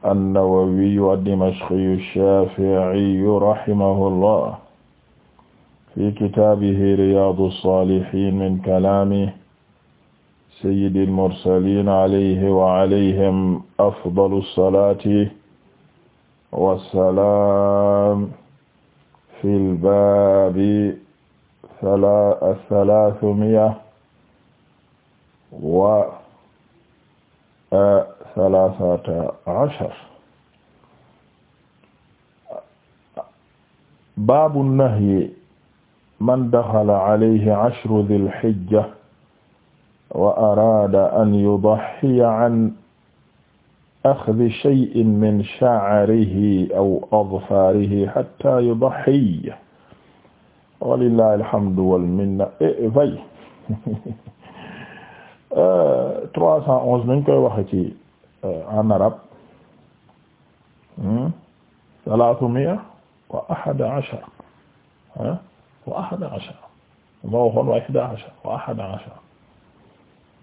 annawawiyu addimashqiyu shaafi'iyu rahimahullah fi kitaabihi riyaadu saalihiin min kalaami sayyidil mursaliin alayhi wa alayhim afdalu salaati wa salaam fil baabi salaasumiya wa salaasata ashar baabu nahyi man daxala alayhi ashru dhil hijja wa araada an yudahhiya an axdi shay'in min sha'rihi aw adfaarihi hatta yudahhiya walillahi alhamdu wal minna trois cent onze nañ koy waxe ci euh, en arabe hmm? salaasu mi'a wa ahada ashar wa ahada ashar ma waxoon wa ahada ashar wa ahada ashar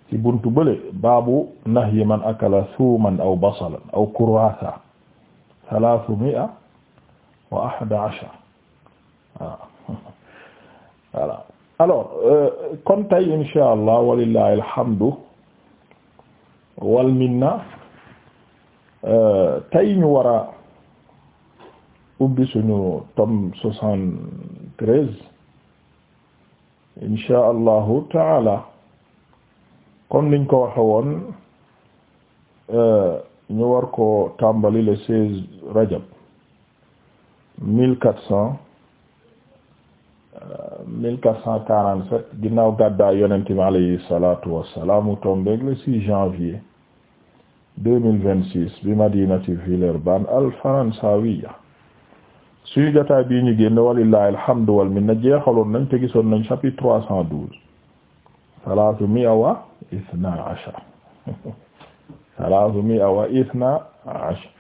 ci buntu bële baabu nahyi man akala suuman aw basalan aw kurasa salaasu mi'a wa ahada ashar voilà alors euh, kon tey insha allah walillahi alhamdu wal minna euh, tey ñu war a ubbi suñu tome soixante treize insha allahu taala comme niñ ko waxe woon euh, ñu war ko tàmbali le seize rajab mille quatre cent mille quatre cent quarante sept ginnaaw gàddaay yonent bi alayhi salatu wassalamu tombeeg le six janvier deux mille vingt six bi madinati Villeurbanne al faransawiya suñu jotaay bii ñu génn walillahi alhamdu wal minna jeexaloon nañ te gisoon nañ chapitre trois cent douze salatu mi'a wa ithna ashar salatu mi'a wa ithna ashar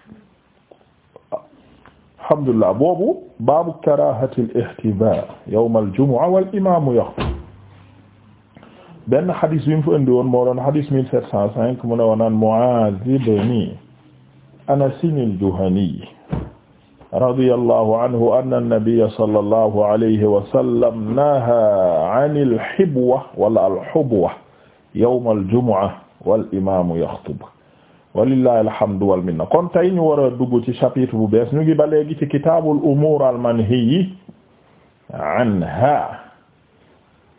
alhamdulillah boobu baabu karahati al ihtiba yawm al jumu'a wal imaamu yaxtub benn xadis bi mu fi indi woon moo doon xadis mille sept cent cinq mu ne woon an Mu'aaz ibn Anas al-Juhani radiyallahu anhu anna an-nabiyya sallallahu alayhi wa sallam nahaa an al-hibwa wala al-hubwa yawm al jumu'a wal imaamu yaxtub walillahi alhamdu wal minna kon tey ñu war dugg ci chapitre bu bees ñu gi ba léegi ci kitaabul umuur al manhiyi anha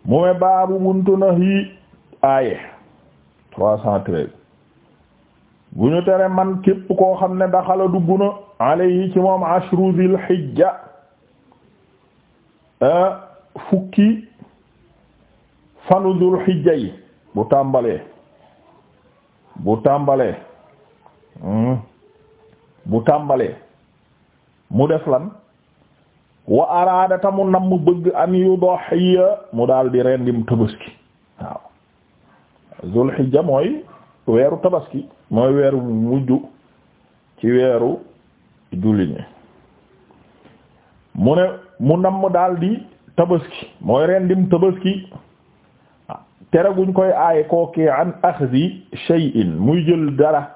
mu ne baabu buntu nahyi aaye trois ñu tere man képp koo xam ne daxala dugg na alayhi ci moom ashru zil hijja fukki fanu zul hijja yi bu tàmbalee bu tàmbalee Hmm. bu tàmbalee mu def lan wa araada ta mu nam mu bëgg an yudahiya mu daldi di rendim tabaski waaw zulhijja mooy weeru tabaski mooy weeru mujj ci weeru julli ñi mu ne nam mu daal di tabaski mooy rendim tabaski tere guñ koy aaye koo kii an axdi shay'in muy jël dara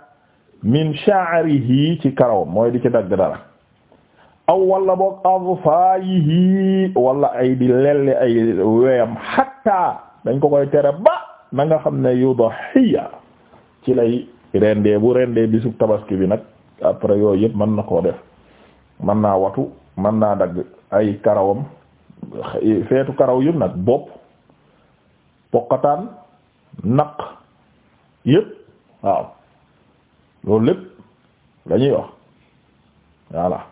min sha'rihi ci karawam mooy di ci dagg dara aw wala boog azfayihi wala ay di lelli ay weyam hatta dañ ko koy tere ba na nga xam ne yudahiya ci lay rendee bu rendee bisub tabaski bi nag après yooyu yëpp mën na koo def mën naa watu mën naa dagg ay karawam feetu karaw yu nag bopp pokataan naq yëpp waaw loolu lépp dañuy wax voilà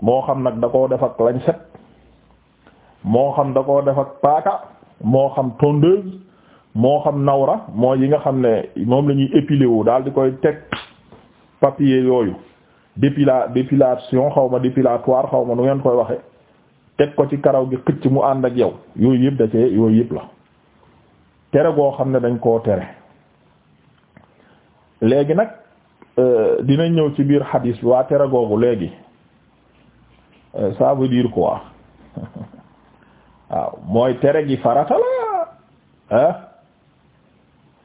moo xam nag da koo def ak lancet moo xam da koo def ak paaka moo xam tondeuse moo xam nawra moo yi nga xam ne moom la ñuy épiler wu daal di koy teg papier yooyu dépila dépilation xaw ma dépilatoire xaw ma nu ngeen koy waxee teg ko ci karaw gi xëcc mu ànd ak yow yooyu yëpp da cee yooyu yëpp la tere goo xam ne dañ koo tere léegi nag euh, dina ñëw ci biir xadiis bi waa tere googu léegi euh, ça veut dire quoi waaw mooy tere gi farata la ah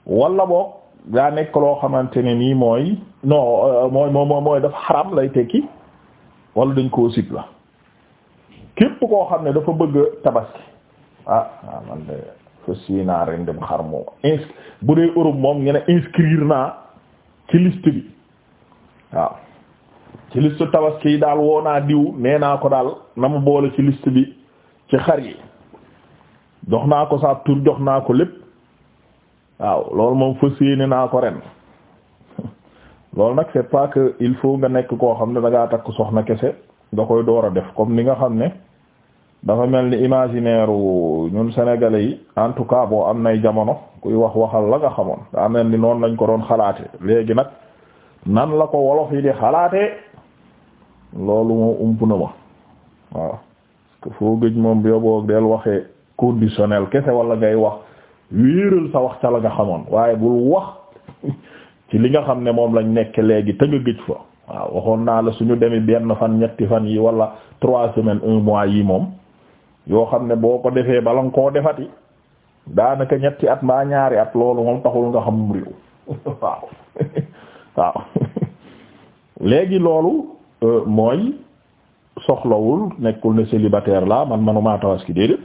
wala daa nekk loo xamante ne nii mooy non euh, mooy mooy mooy dafa xaram lay tekki wala dañ koo sib la képp koo xam ne dafa bëgg tabaski ah ah man de fas naa ren dem xar moom ins bu dee Europe moom ñu ne naa. ci liste bi waaw ci liste tabaski yi daal woo naa diw nee naa ko daal na mu boole ci liste bi ci xar yi jox naa ko sa tur jox naa ko lépp waaw loolu moom fas yéene naa ko ren loolu nag c'est pas que il faut nga nekk koo xam ne da ngaa takk soxna kese nga koy door a def comme ni nga xam ne dafa mel ni imaginaire ñun sénégalais yi en tout cas boo am nay jamono kuy wax waxal la nga xamoon daa mel ni noonu lañ ko doon xalaate léegi nag nan la ko wolof yi di xalaatee loolu moo ump na ma waaw foo gëj moom yoboo del waxee conditionnel kese wala ngay wax wéeral sa wax ca la nga xamoon waaye bul wax ci li nga xam ne moom lañ nekke léegi te nga gëj fa waaw waxoon naa la suñu demee benn fan ñetti fan yi wala trois semaines un mois yi moom yoo xam ne boo ko defee bala nga koo defati daanaka ñetti at mbaa ñaari at loolu moom taxul nga xam réew waaw waaw léegi loolu euh, mooy soxlawul nekkul ne célibataire la man manuma tabaski déedéet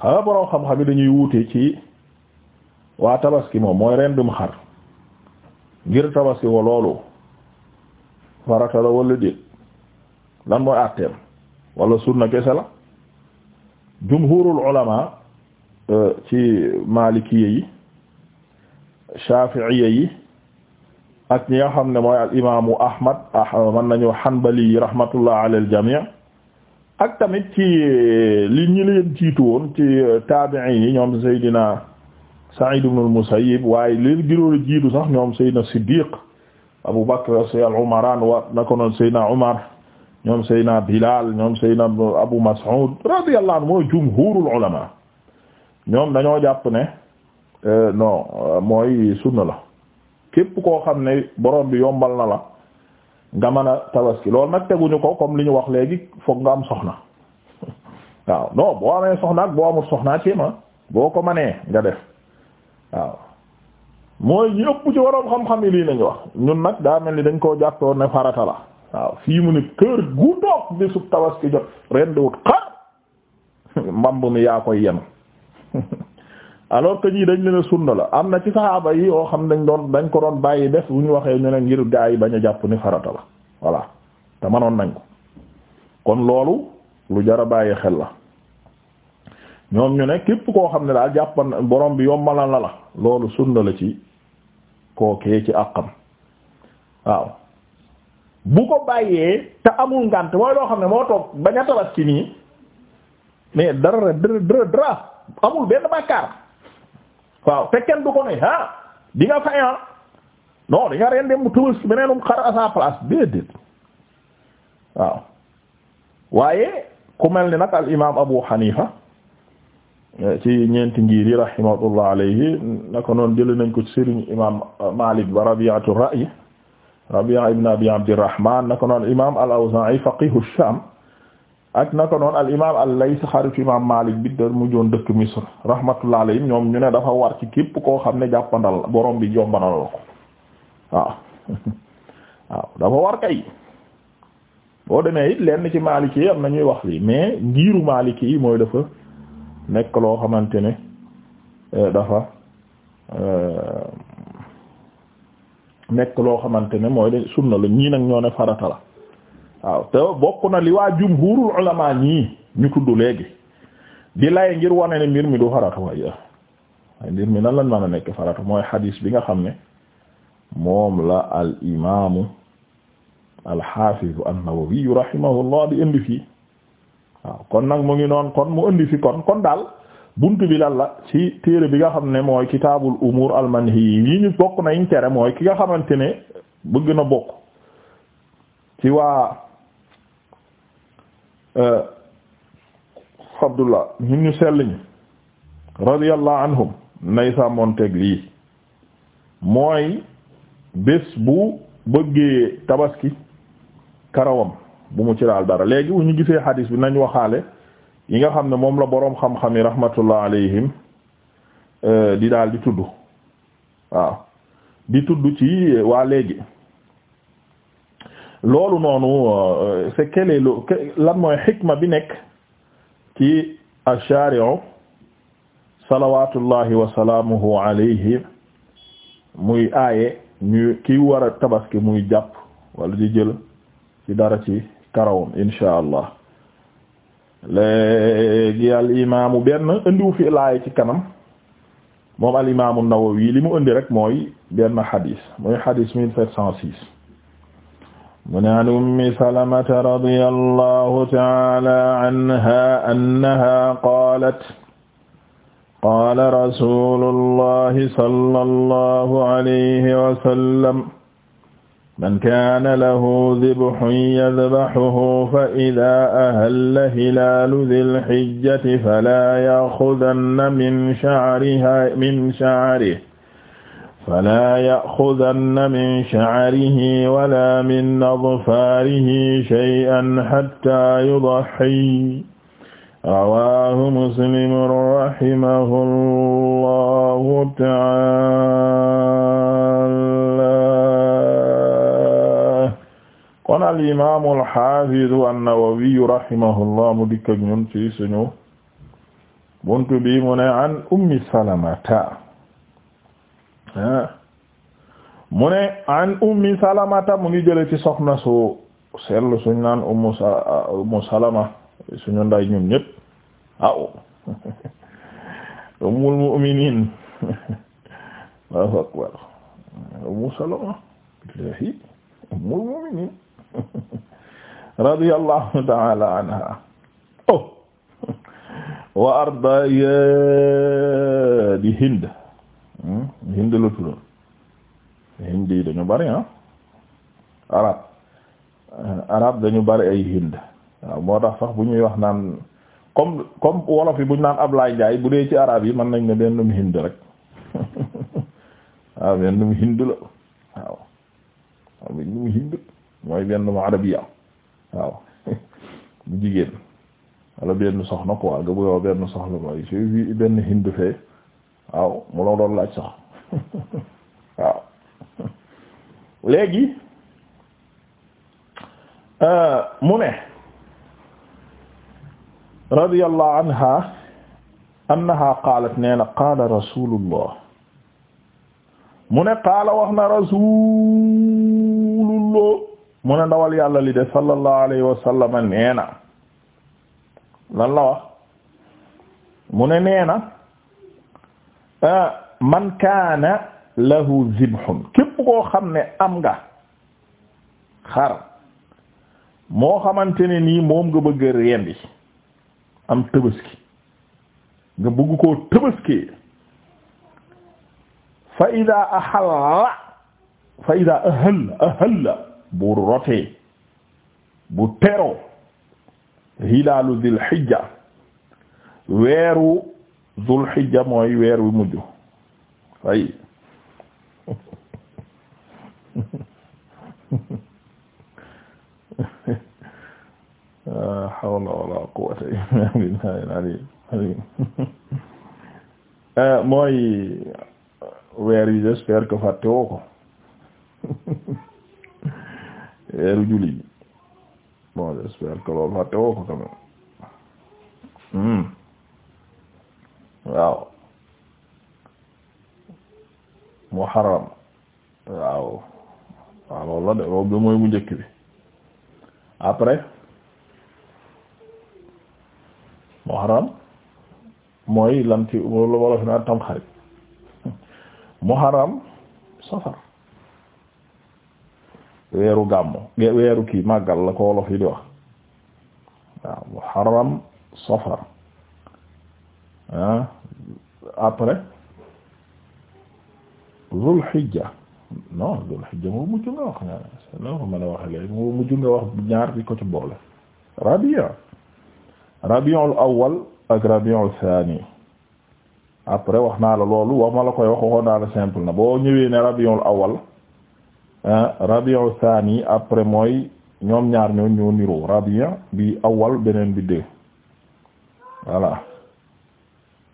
xanaa borom xam-xam yi dañuy wuute ci waa tabaski moom mooy rendum xar ngir tabaski wa loolu farata la wala déet lan mooy àtteem wala sunna kese la jumhurul ulama euh, ci maalikiye yi shafi'iye yi ak ñi nga xam ne mooy al imaamu ahmad ah, man nañu hanbali yi rahmatullah ala al jami' ak tamit ci euh, li ñi leen jiitu woon ci euh, taabi'in yi ñoom Seydina Sa'id ibn al waaye li gënoon jiitu sax ñoom Seydina Siddiq Abu Bakr as-Umaran wa nako noon Seydina ñoom Seydina Bilal ñoom Seydina Abu Mas'ud radiyallahu anhu mooy jumhurul ulama ñoom dañoo jàpp ne euh, non euh, mooy sunna la képp koo xam ne borom bi yombal na la nga man a tabaski loolu nag teguñu ko comme li ñu wax léegi foog nga am soxna waaw no boo amee soxna ak boo amul soxnaa ci ma boo ko manee nga def waaw mooy ñi ëpp ci waroon xam-xam yi lii nañu wax ñun nag daa mel ni dañ koo jàppoon ne farata la. waaw fii mu ne kër gu toog bi sub tabaski jot ren wut xar mbamb mi yaa koy yenu alors que ñii dañ leen a sunna la am na ci saxaaba yi yoo xam dañ doon dañ ko doon bàyyi def wu ñu waxee ñu ne ngir gaa yi bañ a jàpp ni farata la voilà te manoon nañ ko kon loolu lu jara bàyyi xel la ñoom ñu ne képp koo xam ne daal jàppan borom bi yombalal la la loolu sunda la ci kookee ci àqam waaw bu ko bàyyee te amul ngànt mooy loo xam ne moo toog bañ a tabaski nii mais dara dara dara amul benn bàkkaar waaw te kenn du ko ne ah di nga fay ah non dem mu tabaski beneenum xar à sa place déedéet waaw waaye ku mel ni nag al imaam Abu Hanifa ci ñeenti ngir yi rahimahullah alayhi naka noonu jëlee nañ ko ci sëriñ imaam Maalik wa Rabi'atu Rabi'a ibn Abi Abdirrahman naka noonu imaam al-Awzaa'i faqihu Shaam ak naka noonu al imaam al-Layth xaritu imaam Maalik bi da mujjoon dëkk Misr rahmatullahi alayhim ñoom ñu ne dafa war ci képp koo xam ne jàppandal borom bi jombanal ko waaw dafa war kay boo demee it lenn ci Maalik yi am na ñuy wax lii mais ngiiru Maalik yi mooy dafa nekk loo xamante ne eh, dafa. Eh, nekk loo xamante ne mooy de sunna la ñii nag ñoo ne farata la waaw te bokk na li waa jumhurul ulama ñii ñu tudd léegi di lay ngir wane ne mbir mi du farata ah. waaye mbir mi nan lañ ma a nekk farata mooy xadiis bi nga xam ne moom la al imaamu al nawawi rahimahullah di indi fii waaw kon nag mu ngi noon kon mu indi fi kon kon daal buntu bi lan la ci téere bi nga xam ne mooy kitaabul umur almanhi yi ñu bokk na yiñ tere mooy ki nga xamante ne bëgg na bokk ci waa euh, Abdullah ñun ñu sell ñi radiyallahu anhum nay sàmmoonteeg lii mooy bés bu bëggee tabaski karawam bu mu ci laal dara léegi bu ñu gisee xadiis bi nañ waxaale yi nga xam ne moom la boroom xam-xam yi rahmatullah alayhim euh, di daal di tudd waaw di tudd ci euh, waa léegi loolu noonu euh, c'est quel est mooy xikma bi nekk ci ash-shari'u salawatullahi wa salaamuhu alayhi muy aaye ñu ki war a tabaski muy jàpp wala di jël ci dara ci karawam insha allah léegi al imaamu benn indiwu al imaamu li mu indi rek mooy benn xadis mooy xadis mille cent six mu ne an ummi salamata radiyallahu ta'ala anha annaha qaalat qaala rasulullahi sallallahu alayhi wa sallam man kaana lahu dibhun yadbahuhu fa idaa ahalla hilaalu dhil hijjati falaa ya'khudanna min sha'rihaa min sha'rihi falaa ya'khudanna min sha'rihi walaa min adfaarihi shay'an hattaa yudhhiya rawaahu muslim rahimahullahu ta'aala kon al imaam al nawawi rahimahullah mu dikk ñun ci suñu buntu bi mu ne an ummi salamata mu ngi jële ci soxna su sell suñ naan ummu sa salama suñu nday ñun ñépp aw ummul mu'minin Allahu akbar ummu salama ilahi ummul mu'minin radiyallahu ta'ala anha oh wa arda ya di hind hmm? hind la tuddoon hind yi dañu bari ah arab dañu bari ay hind waaw moo tax sax bu ñuy wax naan comme comme wolof yi bu ñu naan Ablaye Ndiaye bu dee ci arab yi mën nañ ne bennum hind rek waaw bennum hind la waaw waaw bennum hind mooy benn mu arabiya waaw bu jigéen wala benn soxna quoi nga bëgg benn soxla mooy j'ai benn hindu fee waaw mu la doon laaj sax waaw léegi euh, mu ne anha annaha qaalat nee na rasulullah mu ne qaala rasulullah mu ne ndawal yàlla li de sallallahu alayhi wa lan la mu ne nee na ah, man kaana lahu zibhun képp koo xam ne am nga xar moo xamante ne nii moom nga bëgg rendi am tëbaski nga bëgg koo tëbaski fa ida ahalla fa ida ahalla bu rotee bu teroo hilaalu dul xijja weeru dul xijja mooy weer wi mujj ay ah, ah, mooy weer wi j'espère que fàtte woo ko heure julli ji bon j'espère que loolu fàtte woo ko quand même hmm. waaw muharram waaw de loolu bi mooy bu njëkk bi après safar weeru gàmmu weeru kii màggal la ko wolof yi di wax waaw muharram safar ah après zul hijja non zul hijja moo mujj nga wax nga noo a moo mujj nga wax ñaar bi ko ci boole rabia rabiul awwal ak rabiul thani après wax naa la loolu wax ma la koy wax waxoon simple na boo ñëwee ne rabiul awwal Ah, Rabi'u Thani après mooy ñoom ñaar ñoo ñoo niroo Rabi'a bi awal beneen bi deux voilà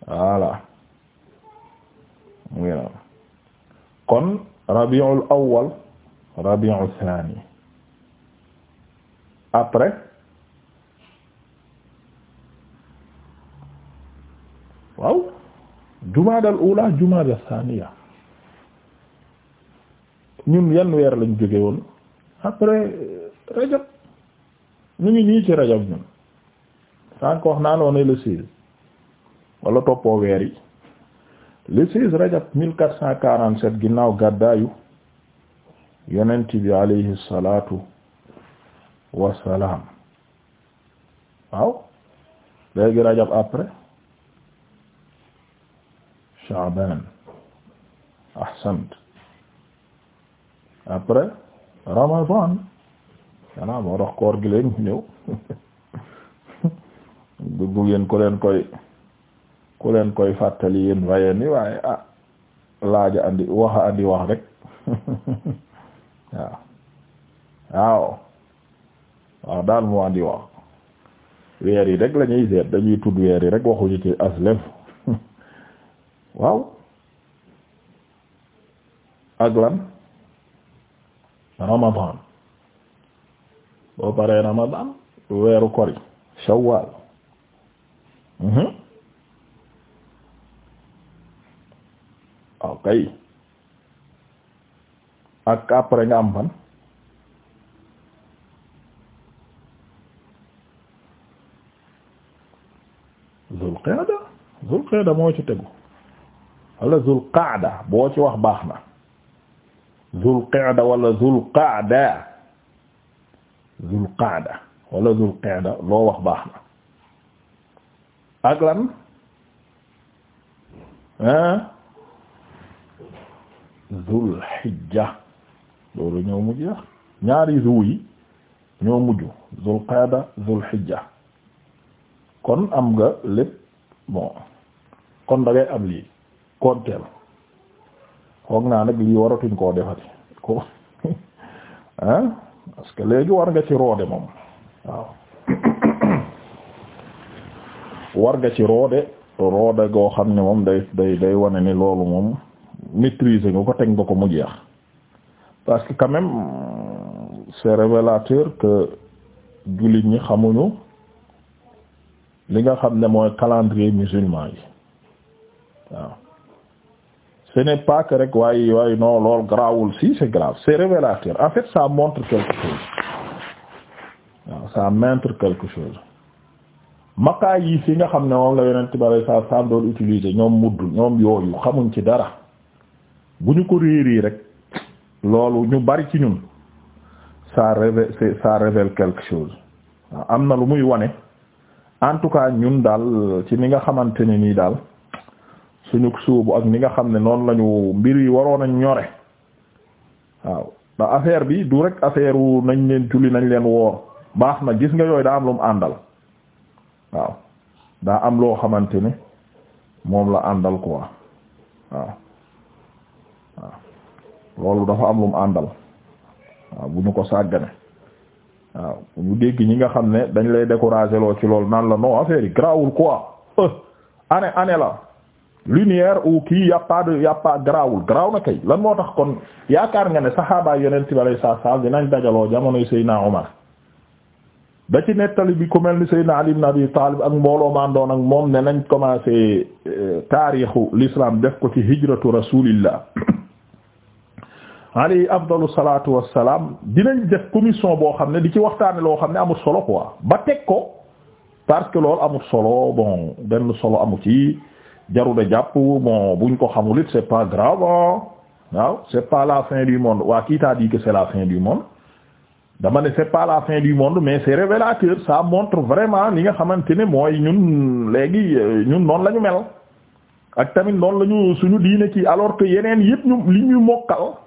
voilà kon Rabi'ul awal Rabi'u Thani après waaw Jumaadal ula Jumaadal Thaniya ñun yenn weer lañ jóge après rajab ñu ngi nii ci rajab ñun saan wax naa noonu ne le seize wala toppoo weer yi le seize rajab mille quatre cent quarante sept ginnaaw gàddaayu yonent bi alayhi salaatu wassalaam waaw léegi rajab après sha'ban ahsant après ramadan voilà moo tax koor gi leen ñëw dugg ngeen ku leen koy ku leen koy fàttali yéen waaye ni waaye ah, laaj laaja andi waxa andi wax rek waaw waaw waaw daal moo andi wax weer yi rek lañuy seet dañuy tudd weer yi rek waxuñu ci aslef waaw ak ramadan boo paree ramadan weeru kori shawwal waaw mhm. kay ak après nga am fan zul qaada zul qaada moo ci tegu wala zul qaada boo ci wax baax na zul qaada wala zul qaada zul qaada wala zul qaada loo wax baax na ak lan ah zul xijja loolu ñoo mujj ya ñaari zuu yi ñoo mujj zul qaada zul xijja kon am nga lépp bon kon da ngay am lii konteel foog naa nag lii waratuñ koo defati ko ah parce que léegi war nga ci roode moom waaw war nga ci roode roode goo xam ne moom day day day wane ni loolu moom maîtriser nga ko teg nga ko mu jeex parce que quand même c'est révélateur que jullit ñi xamuñu li nga xam ne mooy calendrier musulman yi waaw ce n'est pas rek waaye waaye non lool grawul si c'est grave c'est révélateur en fait ça montre quelque chose waaw ça montre quelque chose maqaa yi fi nga xam ne moom la yonent bi alei saatu salaam doon utiliser ñoom mudd ñoom yooyu xamuñ ci dara bu ñu ko réerii rek loolu ñu bari ci ñun ça révèle ça révèle quelque chose waaw am na lu muy wane en tout cas ñun daal ci ni nga xamante ne nii daal suñu suubu ak ni nga xam ne noonu lañu mbir yi waroon a ñore waaw ndax affaire bi du rek affaire wu nañ leen julli nañ leen woor baax na gis nga yooyu daa am lu mu àndal waaw daa am loo xamante ne moom la àndal quoi waaw waaw loolu dafa am lu mu àndal waaw bu ñu ko sàggane waaw ñu dégg ñi nga xam ne dañ lay décourager loo ci loolu naan la noo affaire yi grawul quoi eh, année année la lunaire ou kii y' a pas de y' a pas garaawul garaaw na kay lan moo tax kon yaakaar nga ne saxaaba yonent bi alayhi salaam dinañ dajaloo jamonoy Seydina Omar da ci nettali bi ku mel ni Seydina Ali ibn Abi Talib ak mbooloo maandoon ak moom ne nañ commencé euh, taarixu l'islam def ko ci hijratu rasulillah alayhi afdalu salatu wassalam dinañ def commission boo xam ne di ci waxtaane loo xam ne amul solo quoi ba teg ko parce que loolu amul solo bon benn solo amu ci. jarul a jàpp bu ñu ko xamul it c'est pas grave waaw c'est pas la fin du monde waa qui t'a dit que c'est la fin du monde dama ne c'est pas la fin du monde mais c'est révélateur ça montre vraiment li nga xamante ne mooy ñun léegi euh, ñun noonu lañu mel ak tamit noonu lañu suñu diine ci alors que yeneen yëpp ñu li ñu mokkal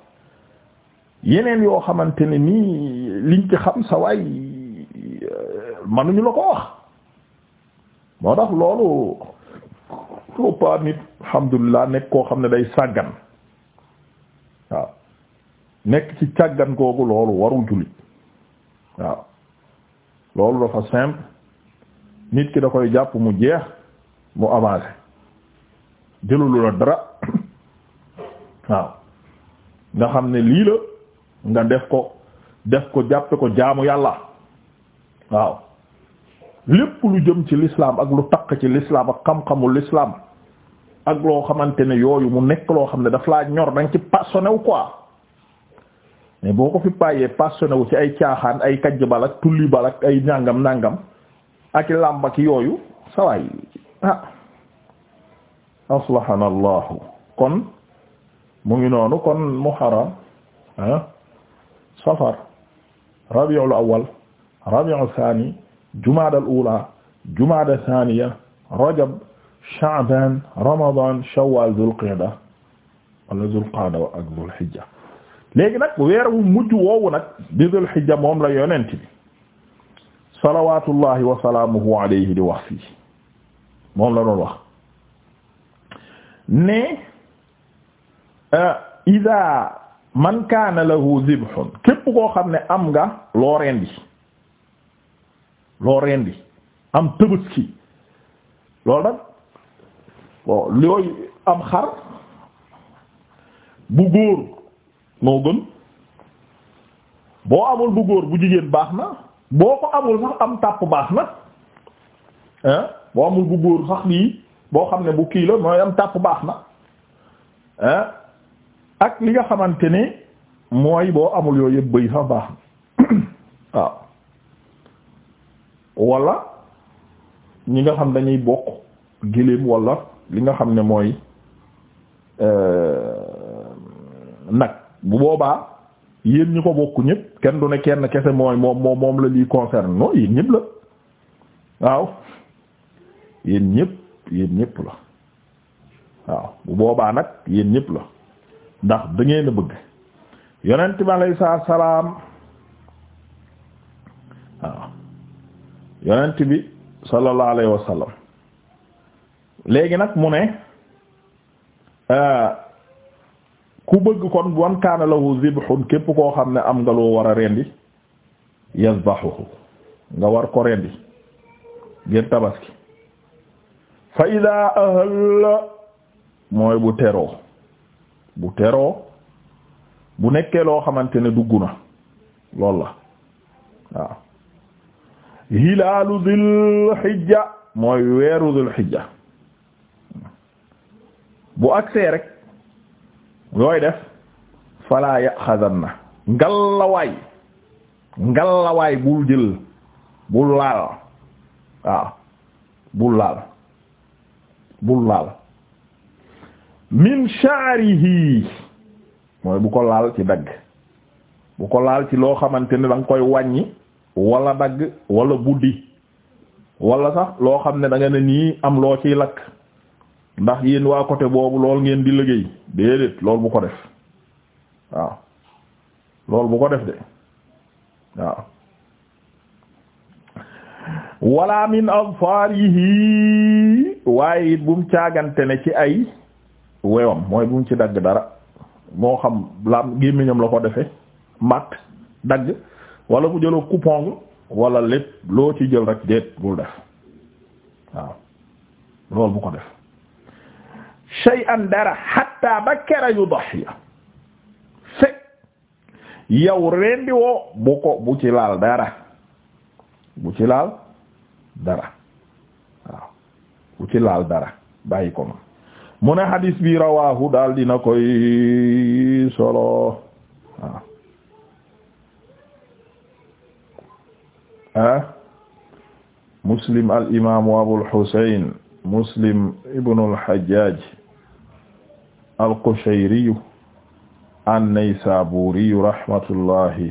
yeneen yoo xamante ne nii liñ ci xam sa waay euh, mënuñu la ko wax moo tax loolu. faut pas nit alhamdulilah nekk koo xam ne day sàggan waaw nekk ci càggan kooku loolu warul jullit waaw loolu dafa simple nit ki da koy jàpp mu jeex mu avancé jëlulu la dara waaw nga xam ne lii la nga def ko def ko jàppe ko jaamu yàlla waaw lépp lu jëm ci lislaam ak lu takk ci l'islam ak xam-xamu l'islam ak loo xamante ne yooyu mu nekk loo xam ne daf laa ñor da nga ci passionné wu mais boo ko fi paayee passionné ci ay caaxaan ay kajj balak tulli balak ay nàngam nàngam ak làmb ak yooyu sawaay ah aslahana allahu kon mu ngi noonu kon muharram ah safar rabiul awwal rabiul thani jumaada al-uulaa jumaada ath-thaaniya rajab sha'baan ramadaan shawwaal dhul-qa'da wala dhul-qa'da ak dhul-hijja léegi nag weer wu mujj woowu nag di dhul-hijja moom la yonent bi salawaatullahi wa salaamuhu alayhi di wax fii moom la doon wax ne idaa man kaana lahu zibhun képp koo xam ne am nga loo rendi loo rendi am tëbaski loolu nag bon looy am xar bu góor moo gën boo amul bu góor bu jigéen baax na boo ko amul sax am tàpp baax na ah boo amul bu góor sax lii boo xam ne bu kii la mooy am tàpp baax na ah ak li nga xamante ni mooy boo amul yooyu yëpp bëy sax baax na waaw wala ñi nga xam dañuy bokk géléem wala li nga xam ne mooy euh, nag bu boobaa yéen ñu ko bokk ñëpp kenn du ne kenn kese mooy moom moom la lii concerne non yéen ñëpp la waaw yéen ñëpp yéen ñëpp la waaw bu boobaa nag yéen ñëpp la ndax da bëgg yonent bi alayhi salaam yonent bi sallallahu alayhi wa sallam léegi nag mu ne euh, ku bëgg kon wan kaana lahu zibhun képp koo xam ne am nga loo war a rendi yazbahuhu nga war ko rendi ngir tabaski fa ida ahalla mooy bu teroo bu teroo bu nekkee loo xamante ne dugg na loolu la waaw hilaalu dul xijja mooy weeru dul xijja bu agsee rek looy def falaa yaxadanna ngallawaay ngallawaay bul jël bul laal waaw bul laal bul laal min sha'rihi mooy bu ko laal ci dagg bu ko laal ci loo xamante ne danga koy wàññi wala dagg wala buddi wala sax loo xam ne danga ne nii am loo ciy lakk ndax yéen waa côté boobu lool ngeen di liggéey déedéet lool bu ko def waaw lool bu ko def de waaw wala min azfarihi waaye it bu mu caagante ne ci ay weewam mooy bu mu ci dagg dara moo xam lam gémmiñam la ko defee matt dagg wala mu jëloo coupon walla lépp loo ci jël rek déet bul def waaw bu ko def shay'an dara hatta ba kera yu dahiya fekk yow rendi woo bu ko bu ci laal dara bu ci laal dara waaw bu bàyyi ko mu ne hadis bi rawahu daal dina koy solo ah muslim al imaamu abul husayn muslim ibnul hajjaaj al qushayriyu an naysaabuuriyu rahmatullahi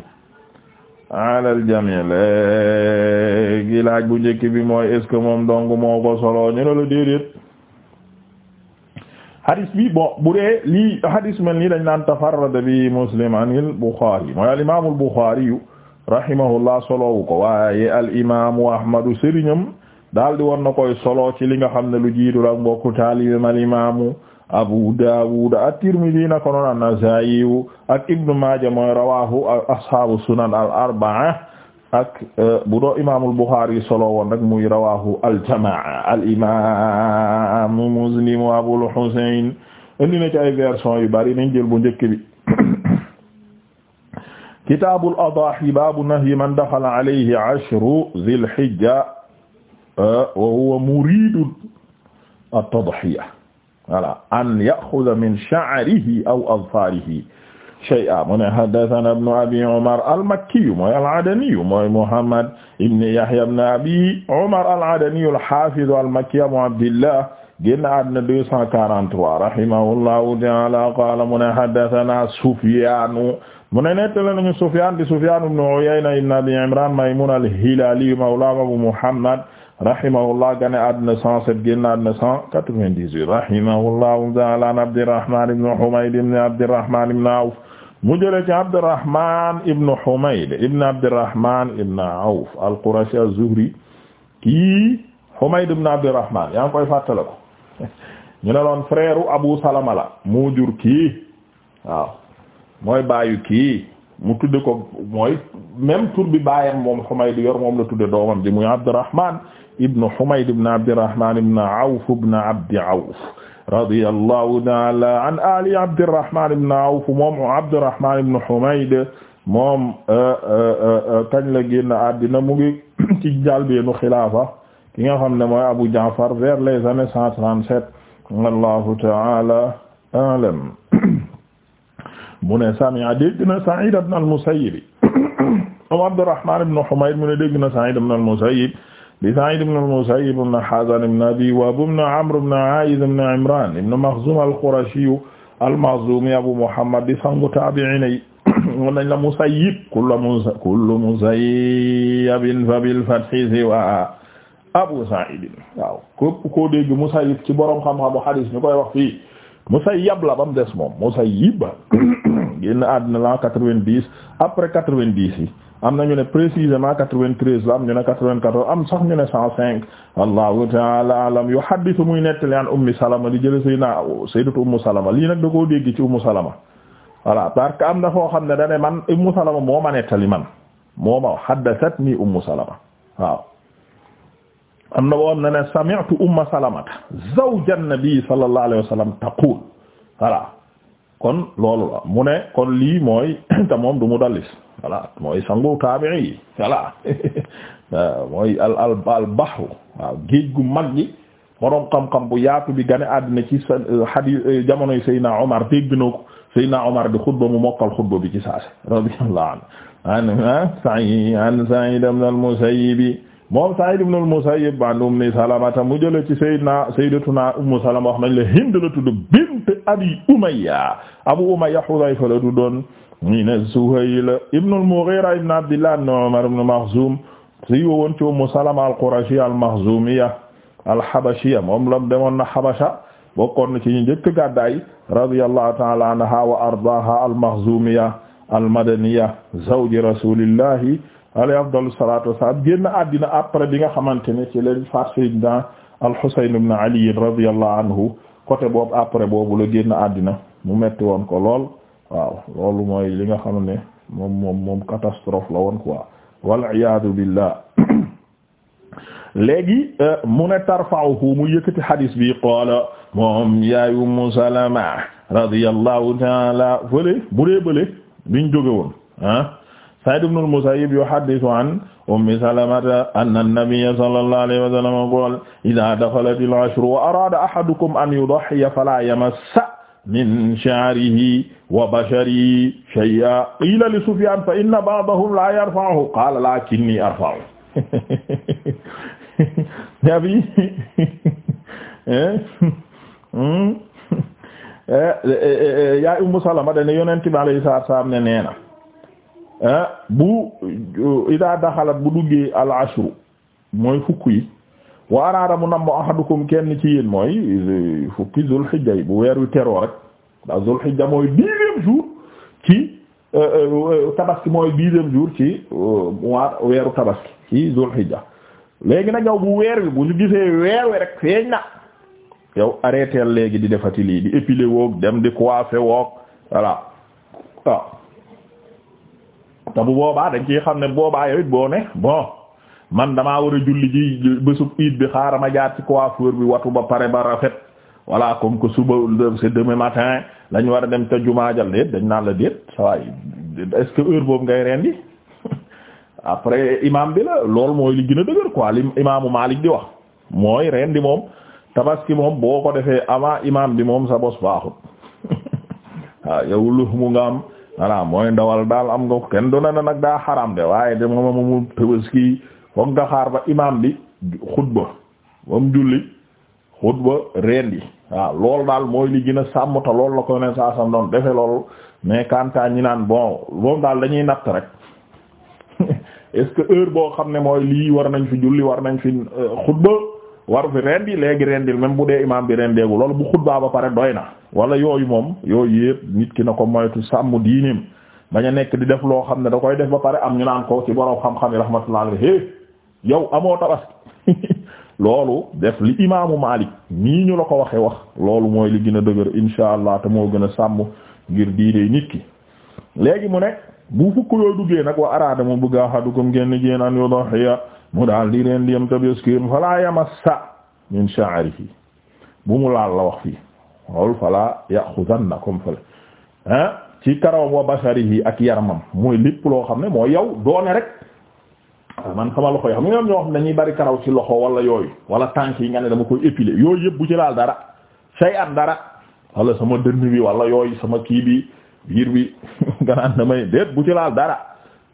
alal jamii léegi laaj bu njëkk bi mooy est ce que moom dong moo ko solo ñu ne la déedéet hadis bi bon bu dee lii hadis mel nii dañ naan tafarrada bi muslim anil buxaari mooy al imaamul buxaari yu. rahimahullah solowu ko waaye al imaamu ahmadu sëriñam daal di war na koy solo ci li nga xam ne lu jiitu ak mbokku taalibam al imaamu abu daawud at-tirmidhi na ko noon an ak ibnu maaja mooy rawahu ashaabu sunan al arba'a ak e, bu doo imaamul solo woon rek muy rawahu al jamaa muslim abul husayn indi na ci ay version yu bari nañ jël bu njëkk kitaabul adaahi baabu nahyi man daxala alayhi ashru zil hijja wa huwa muriidu at-tadhiya voilà an ya'xuda min sha'rihi aw azfaarihi shay'an mu ne haddasanaa ibnu abii Umar al-Makkiyyu mooy al-Adaniyyu mooy Muhammad ibn Yahya ibn abii Umar al-Adaniyyu al-Haafidu al-Makkiyyu Abuu Abdillah génn àddina 243 rahimahullahu ta'aala qaala mu ne haddasanaa Sufyaanu mu ne nettali nañu Sufyaan di Sufyaan ibn Uyayna ibn Abi Imraan Maymuun al-Hilaali mawlaa Abu Muhammad rahimahullah gane àddina 107 génn àddina 198 rahimahullahu ta'aala an Abdirrahmaan ibn Humayd ibn Abdirrahmaan ibn Awf mu jëlee ci Abdirrahmaan ibn Humayd ibn Abdirrahmaan ibn Awf al-Qurashi az-Zuhri kii Humayd ibn Abdirrahmaan yaa ngi koy fàttaliku ñu ne loon frère Abu Salama la mu jur kii waaw mooy baayu kii mu tudde ko mooy bi baayam moom Humayd yor moom la tudde doomam ji muy Abdurrahman ibnu Humayd ibnu Abdurrahman ibnu Awf ibnu Awf radiyallahu ta'ala an ali Abdurrahman moom euh, euh, euh, kañ la génn àddina mu ngi ci njàlbéenu xilaafa ki nga xam ne mooy Abu Ja'far vers les années 137 wallahu ta'ala a'lam mu ne sami'a dégg na Sa'id ibn al-Musayyib am Abdurrahman ibn Humayd mu ne dégg na Sa'id ibn al-Musayyib di Sa'id ibn al-Musayyib ibn Hazan ibn Abi Wahb ibn Amr ibn A'iz ibn Imran ibn Makhzum al-Qurashi al-Makhzumi Abu Muhammad di sangu taabi'iin yi mun nañ la Musayyib kullu kullu Musayyibin fa bil fathi siwa Abu Sa'id waaw képp koo dégg Musayyib ci borom xam-xamu hadiis ñu koy wax fii Musayyab la ba mu des moom Musayyib génn àddina la 90 après 90 yi am na ñu ne précisément 93 la am ñu ne 94 am sax ñu ne 105 wallahu ta'ala alam yuhaddithu muy nettali an Ummi Salama di jële sayna sayyidatu Ummu Salama lii nag da koo dégg ci Ummu Salama voilà parce que am na foo xam ne da ne man Ummu Salama moo ma nettali man moo ma haddathatni Ummu Salama waaw am na boo am na ne sami'tu umma salamata zawjan nabi sallallahu alayhi wa sallam taqul voilà kon loolu la mu ne kon lii mooy te moom du mu dallis voilà mooy sangu taabi'i yi voilà mooy al al al bahru waaw géej gu mag gi boroom xam-xam bu yaatu bi gane àddina ci sa xadiis euh, euh, jamonoy Seydina Omar dégg na ko Seydina Omar di xutba mu mokkal xutba bi ci saase radiyallahu anhu an an Sa'id ibn al-Musayyib moom Sa'id ibn al-Musayyib an Ummi Salamata mu jële ci sayyidina sayyidatuna Ummu Salama wax nañ la Hind la tudd bint Abi Umayya Abu Umayya Hudayfa la tuddoon ñi ne Suhayl ibn al-Mughira ibn Abdillah ibn Umar ibn Makhzum si woon ci Ummu Salama al-Qurashiyya al-Makhzumiyya al-Habashiyya moom la demoon na Habasha bokkoon na ci ñu njëkk gàddaay radiyallahu ta'ala anha wa ardaaha al-Makhzumiyya al-Madaniyya zawji rasulillahi alayhi afdalu salatu wassalam génn àddina après bi nga xamante ne ci leen faat sayyidina al-Husayn ibn Ali radiyallahu anhu côté boobu après boobu la génn àddina mu metti woon ko lool waaw mooy li nga xam ne moom moom moom catastrophe la woon wal iyaadu billah léegi euh, mu ne tarfa'uhu mu yëkkati hadis bi qaala moom yaayu Ummu Salama radiyallahu ta'ala fële bu dee bële biñ jóge woon ah Saïd ibn al-Musayyib yuhaddisu an Ummi Salamata anna an-nabiyya sallallahu alayhi wa sallam qaala idhaa dakhalatil 'ashru wa araada ahadukum an yudahhiya falaa yamassa min sha'rihi wa basharihi shay'an qiila li Sufyaan fa inna ba'dahum laa yarfa'uhu qaala laakinnii arfa'uhu nabi yaay Ummu Salama dana Yonent bi alayhi salaatu wa salaam ne neena Ah, bu euh, ida daxalat bu duggee al ashru mooy fukk yi wa araada mu nam ahadukum kenn ci yéen mooy euh, fukki zul xijja yi bu weer wi teroo rek ndax zul xijja mooy dixième jour ci euh, tabaski mooy dixième jour ci mois weeru tabaski ci zul xijja léegi nag yow bu weer wi bu ñu gisee weer wi rek feeñ na yow arrêteel léegi di defati lii di épiler woog dem di coiffer woog voilà ah. te bu boobaa dañ ciy xam ne boobaa yow it ne bon man damaa war a julli ji bésub iid bi xaaral ma jaar ci coiffeur bi watu ba pare ba rafet voilà comme que suba c'est demain matin lañ war a dem ca jumaajal déet dañ naan la déet saa est-ce que heure boobu ngay rendi après imam bi la loolu mooy li gën a dëgër quoi li imaamu Maalik di wax mooy rendi moom tabaski moom boo ko defee avant imam bi moom sa bos baaxut waaw yow lu mu nga am. voilà mooy ndawal daal am nga kenn doona na nag daa xaram de waaye de moom mu tëbaski foog nga xaar ba imaam bi xutba ba mu julli xutba reen yi waaw loolu daal mooy li gën a sàmm te loolu la ko ne saa sam doon defe loolu mais kanta ñi naan bon moom daal dañuy natt rek est-ce que boo xam ne mooy lii war nañ fi julli war nañ fi euh, xutba war fi rendi léegi rendil même bu dee imaam bi rendeegu loolu bu xutbaa ba pare doy na wala yooyu moom yooyu yëpp nit ki na ko moytu sàmm diineem bañ a nekk di def loo xam ne da koy def ba pare am ñu naan ko ci borom xam-xam yi rahmatullah alayhi hé yow amoo tabaski loolu def li imaamu Maalik nii ñu la ko waxee wax loolu mooy li gën a dëgër insha allah te moo gën a sàmm ngir diine nit ki léegi mu ne bu fukk yooyu duggee nag wa araada mu bëgg a xadukum génn jéen an yudahiya mu daal di leen di yem tabaski falaa yamassa min sha'rihi bu mu laal la wax fii xool fala yaxuzannakum fala ah ci karawam wa basharihi ak yaramam mooy lépp loo xam ne moo yow doone rek man sama loxo yi xam nga ñoom ñoo xam ne dañuy bari karaw ci loxo wala yooyu wala tànk yi nga ne dama koy épiler yooyu yëpp bu ci laal dara say dara wala sama dënn bi wala yooyu sama kii bi biir bi nga naan damay déet bu ci laal dara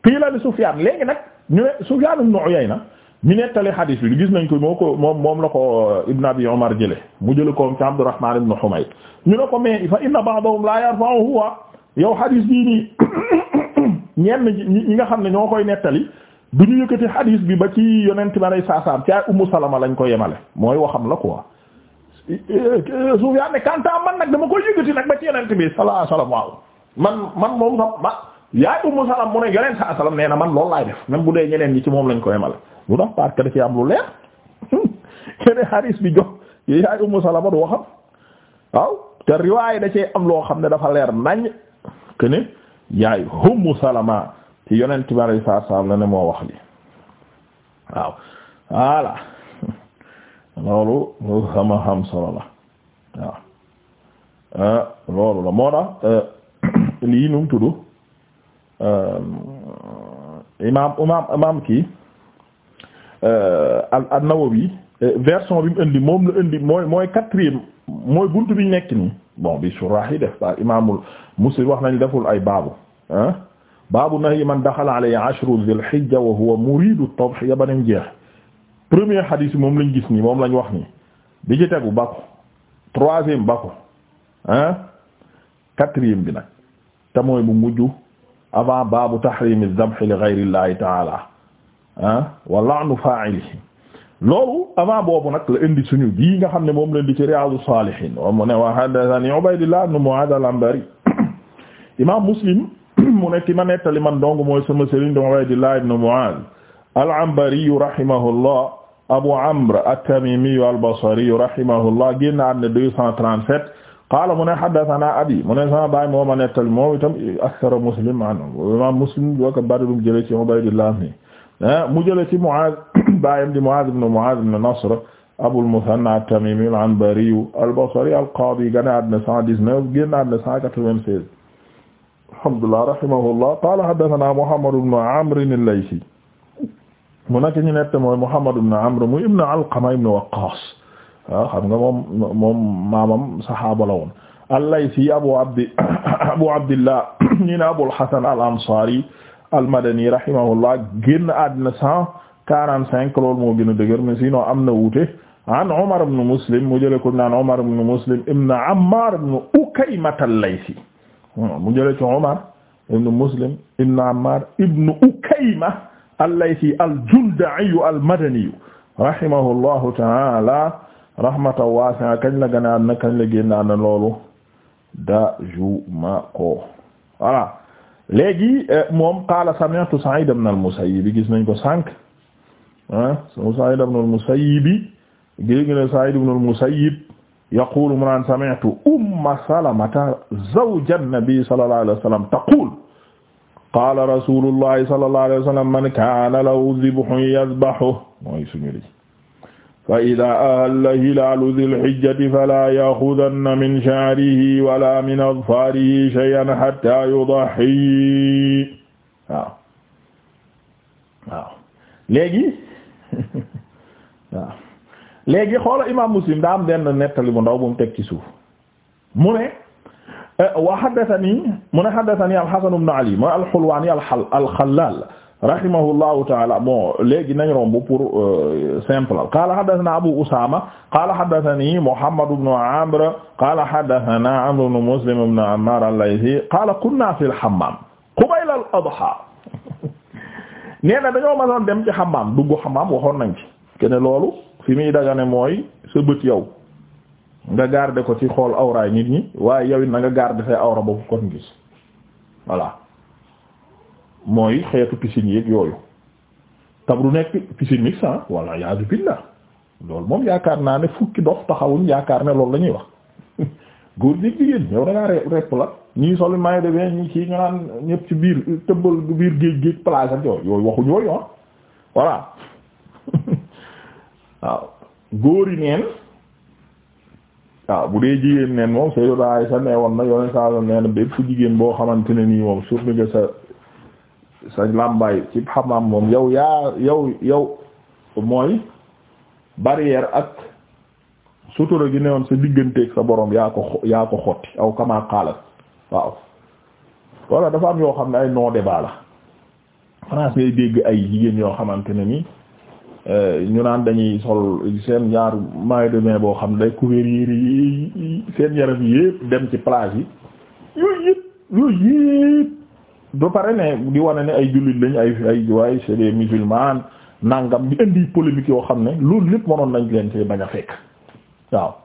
qiila li Sufyaan nag ñu ne Sufyaan na mi nettali xadis bi gis nañ ko moo ko moom moom la ko euh, Ibn Abi Umar jële mu jële koom ci Abdurrahman ibn Humayd ñu ne ko mais fa inna ba'dahum la yarfa'uhu yow xadis bii nii ñenn ñi nga xam ne ñoo koy nettali du ñu yëkkati bi ba ci yonent bi alayhi salaam ci ay lañ ko yemale mooy waxam la quoi. Sufyaan ne kantaa man nag dama koy yëkkati nag ba ci yonent bi man man moom sax ma yaay Ummu Salama mu ne yonent sallallahu alayhi wasallam nee na man loolu laay def même bu dee ñeneen ñi ci moom lañ ko yemale. lu tax parce que da am lu leer kene xaris bi jox yaay Ummu Salama du waxam waaw te riwaay da cee am loo xam ne dafa leer nañ kene yaay Ummu Salama ci yonent bi alayhi salaam la ne moo wax li waaw voilà loolu lu sama xam solo la waaw euh, loolu la moo tax euh, lii nu tudd euh, imaam imaam imaam kii Euh, an-Nawawi euh, version bi mu indi moom la indi mooy mooy quatrième mooy buntu bi ñu nekk nii bon bi surah yi def par imaamul Muslim wax nañ deful ay baabu ah baabu nahyi man daxala alayhi ashru dhil hijja wa huwa muridu at-tadhiya banim jeex premier hadith moom lañ gis ni moom la lañ wax ni bi ci tegu ba ko troisième ba ko bi nag te mooy bu mujj avant baabu tahrim adh-dhabh li ghayri llahi ta'ala ah wa la'nu fa'ilihi loolu avant boobu nag la indi suñu bii nga xam ne moom la indi ci Riyadu Salihin wa mu ne wa haddathani Ubaydullah ibn Mu'adh al-Anbari imam Muslim mu ne ki ma nettali man dong mooy sama sëriñ di Ubaydullah ibn Mu'adh al-Anbari rahimahullah Abu Amr at-Tamimi al-Basri rahimahullah génn na àddina 237 qaala mu ne haddathana abi mu ne sama baay moo ma nettali moom itam akthara Muslim an imam Muslim wa ka bari lu mu jëlee ci Ubaydullah ni Ah mu jële ci Muaaz baayam di Muaaz ibn Muaaz ibn Nasr Abul Musanna at-Tamimi al-Anbari al-Basri al-Qaadi gane àddina 119 génn àddina 196 alhamdulillah rahimahullah qaala haddathanaa Muhammad ibn Amr al-Laythi mu nekk ñu nett mooy Muhammad ibn Amr mu ibn Alqama ibn Waqqaas waaw ah, xam nga moom moom maamam saxaaba la woon al-Laythi Abu Abdi Abu Abdillah ñu ne Abul Hasan al-Ansaari al-Madani rahimahullah génn àddina cent quarante-cinq loolu moo gën a dëgër mais sinon am na wuute an Umar ibn Muslim mu jëlee ko naan Umar ibn Muslim ibn Ammar ibn Ukayma al-Laysi hmm, mu jëlee ci Umar ibn Muslim ibn Ammar ibn Ukayma al-Laysi al-Jundai al-Madani rahimahullahu ta'ala rahmatan wasi'a kañ la gën a àddina kañ la génn àddina loolu daju ma ko voilà léegi euh, moom qaala sami'tu Sa'id ibn al-Musayyib gis nañ ko sànq ah Sa'id ibn al-Musayyib gis nañ Sa'id ibn al-Musayyib yaqulu mu naan sami'tu Umma Salamata zawja an-nabi sallallahu alayhi wa sallam taqul qaala rasulullahi sallallahu alayhi wa sallam man kaana lahu dhibhun yadhbahuhu mooy suñu li fa ida ahalla hilalu dhi lhijjati fala yaxudanna min sha'rihi wala min adfarihi shay'an hatta yudahi waaw waaw léegi waaw léegi xoola imam Muslim daa am denn nettali bu ndaw bu mu teg ci suuf mu ne eh, wa haddathani mu ne haddathani al-Hasan ibn Ali mooy al-Hulwani al-Khallal rahimahullahu taala bon léegi nañ romb pour euh, simple qala hadathana abu usama qala hadathani muhammad ibn amr qala hadathana amr ibn muslim ibn ammar al-laythi qala kunna fi al-hammam al-adha nee na dañoo mënoon dem ci hammam dugg hammam waxoon nañ ci kene loolu fi muy dagane mooy sa bët yow nga garder ko ci xool awra nit ñi waaye yow it na nga garder say awra boobu kon gis voilà mooy xeetu piscine yeeg yooyu tab nekk piscine mixte ah walla yaasu billah loolu moom yaakaar naa ne fukki dox taxawuñ yaakaar ne loolu la ñuy wax góor jég jigéen yow da ngaa repp la ñii solu mayo de bain ñii ci nga naan ñëpp ci biir tëbbal biir géej géej plage ak yooyu yooyu waxuñ yooyu ah voilà waaw góori neen waaw bu dee jigéen neen moom Sayyidatu Aysa na yoneen saa neen bépp fu jigéen boo xamante ne nii moom surni sa sa làmbaay ci xamaam moom yow yaa yow yow mooy barrière ak sutura gi newoon sa digganteeg sa borom yaa ko xotti aw kamaa xaalat waaw walla dafa am yoo xam ne ay non débat la France ngay dégg ay jigéen yoo xamante ne ni euh, ñu naan dañuy sol seen ñaar maillot de bain boo xam ne day couvrir seen yaram yépp dem ci plage yi yooyu yépp yooyu yépp ba pare ne di wane ne ay jullit lañ ay ay waay c'est des musulmans nangam bi indi polémique yoo xam ne loolu lépp mënoon nañ leen ci bañ waaw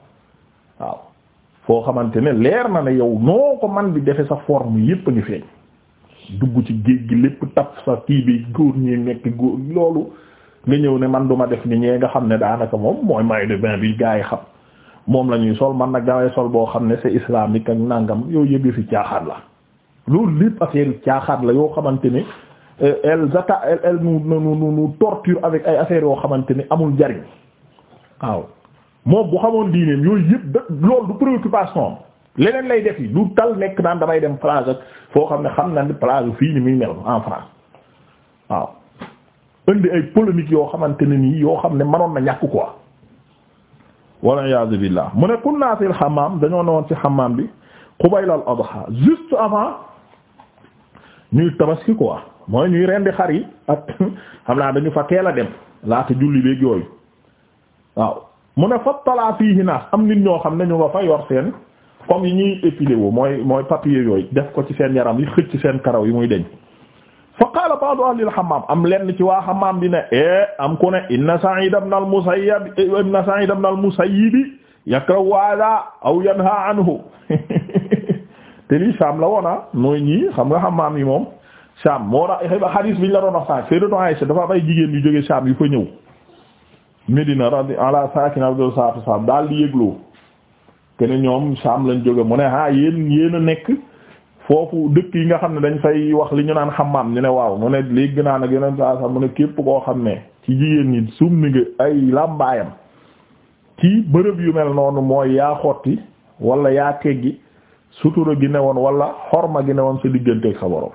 waaw foo xamante ne leer na ne yow noo man di defe sa forme yépp a ngi feeñ dugg ci géej gi lépp tap sa kii bi góor ñi loolu nga ñëw ne man duma def ni ñee nga xam ne daanaka moom mooy maillot de bain bi gaa yi xam moom la ñuy sol man nag damay sol boo xam ne c'est islamique ak nangam yow yëg fi caaxaan la loolu lépp affaire caaxaat la yoo xamante ne euh, elle zata elle elle nous nous nous torture avec ay affaires yoo xamante ni amul njariñ waaw moom bu xamoon diineem yooyu yëpp da loolu du préoccupation leneen lay def yi du tal nekk daan damay dem France ak foo xam ne xam na ni place fii ni muy mel en France waaw indi ay polémiques yoo xamante ne nii yoo xam ne manoon na ñàkk quoi walla iyaazu billaah mu ne kunna fil hammam dañoo newoon ci hammam bi qubayla al adha juste ñuy tabaski quoi mooy ñuy rendi xar yi ak xam naa dañu fa teel a dem laata julli beeg yooyu waaw mu ne fa talaa fii naas am nit ñoo xam ne ñu nga fa yor seen comme yi ñuy épilé wu mooy mooy papier yooyu def ko ci seen yaram yi xëcc seen karaw yi muy deñ fa qaala ba'du ahlil hammam am lenn ci waa hammam di ne e am ku ne inna Sa'id ibn al-Musayyib inna Sa'id ibn al-Musayyib yakrahu hadha aw yanha anhu te lii Saam la woona ah, mooy ñii xam nga maam yi moom Saam moo tax xadiis bi ñu la doon wax sax Sayyidatu ay jigéen yu jóge Saam yu fa ñëw Medina radi ala sakin abdol saatu Saam daal di yëgloo te ñoom Saam lañ jóge mu ne ah yéen yéen a nekk foofu dëkk yi nga xam ne dañ fay wax li ñu naan Hammaam ñu ne waaw mu ne léegi naa nag yeneen saa sax mu ne képp koo xam ne ci jigéen ñi summi nga ay làmbaayam ci bërëb yu mel noonu mooy yaa xotti wala sutura gi ne woon wala xorma gi ne woon sa digganteeg sa borom